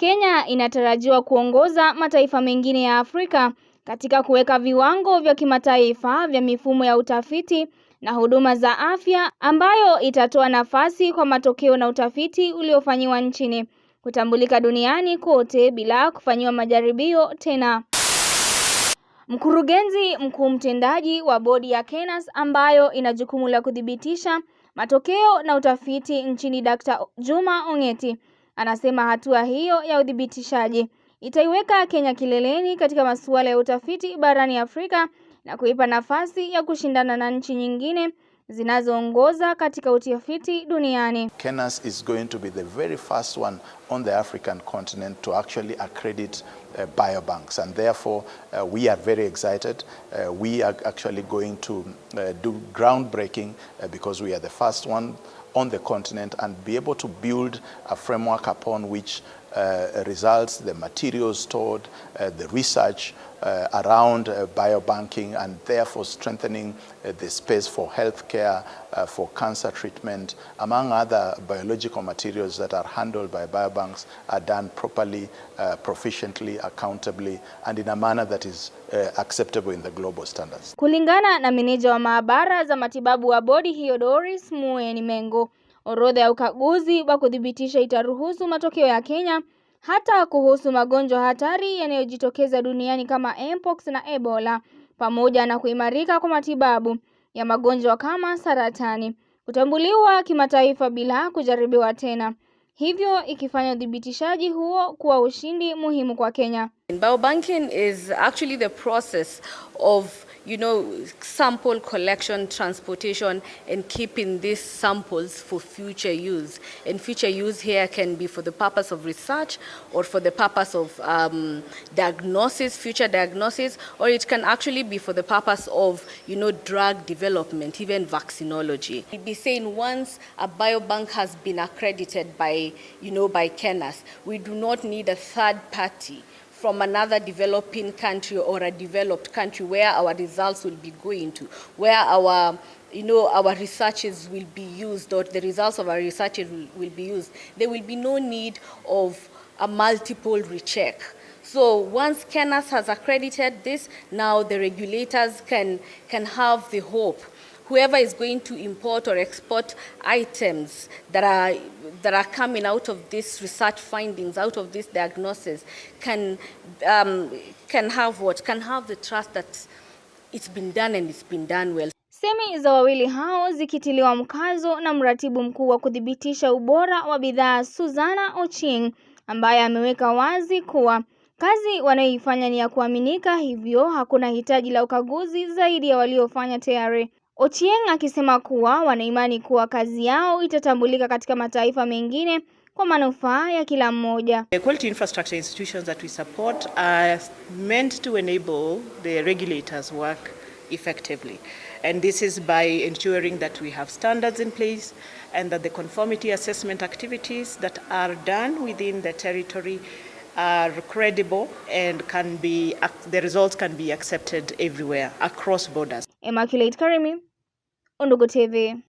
Kenya inatarajiwa kuongoza mataifa mengine ya Afrika katika kuweka viwango vya kimataifa vya mifumo ya utafiti na huduma za afya ambayo itatoa nafasi kwa matokeo na utafiti uliofanyiwa nchini kutambulika duniani kote bila kufanyiwa majaribio tena. Mkurugenzi mkuu mtendaji wa bodi ya KENAS ambayo ina jukumu la kuthibitisha matokeo na utafiti nchini Dr. Juma Ongeti Anasema hatua hiyo ya udhibitishaji itaiweka Kenya kileleni katika masuala ya utafiti barani Afrika na kuipa nafasi ya kushindana na nchi nyingine zinazoongoza katika utafiti duniani. KENAS is going to be the very first one on the African continent to actually accredit uh, biobanks and therefore uh, we are very excited. Uh, we are actually going to uh, do groundbreaking uh, because we are the first one on the continent and be able to build a framework upon which uh, results, the materials stored, uh, the research uh, around uh, biobanking and therefore strengthening uh, the space for healthcare, uh, for cancer treatment, among other biological materials that are handled by biobanks are done properly, proficiently, accountably, and in a manner that is acceptable in the global standards. Kulingana na meneja wa maabara za matibabu wa bodi hiyo Doris Mueni Mengo Orodha ya ukaguzi wa kuthibitisha itaruhusu matokeo ya Kenya hata kuhusu magonjwa hatari yanayojitokeza duniani kama Mpox na Ebola pamoja na kuimarika kwa matibabu ya magonjwa kama saratani kutambuliwa kimataifa bila kujaribiwa tena, hivyo ikifanya uthibitishaji huo kuwa ushindi muhimu kwa Kenya. Biobanking is actually the process of you know, sample collection, transportation, and keeping these samples for future use. And future use here can be for the purpose of research or for the purpose of um, diagnosis, future diagnosis, or it can actually be for the purpose of, you know, drug development, even vaccinology. we would be saying once a biobank has been accredited by, you know, by Kenas, we do not need a third party from another developing country or a developed country where our results will be going to, where our you know, our researches will be used or the results of our researches will, will be used. There will be no need of a multiple recheck. So once Kenas has accredited this, now the regulators can, can have the hope whoever is going to import or export items that are, that are coming out of this research findings, out of this diagnosis, can, um, can have what? Can have the trust that it's been done and it's been done well. Semi za wawili hao zikitiliwa mkazo na mratibu mkuu wa kudhibitisha ubora wa bidhaa Suzana Oching ambaye ameweka wazi kuwa kazi wanayoifanya ni ya kuaminika, hivyo hakuna hitaji la ukaguzi zaidi ya waliofanya tayari. Ochieng akisema kuwa wanaimani kuwa kazi yao itatambulika katika mataifa mengine kwa manufaa ya kila mmoja. The quality infrastructure institutions that we support are meant to enable the regulators work effectively. And this is by ensuring that we have standards in place and that the conformity assessment activities that are done within the territory are credible and can be the results can be accepted everywhere across borders. Immaculate Karimi, Onogotive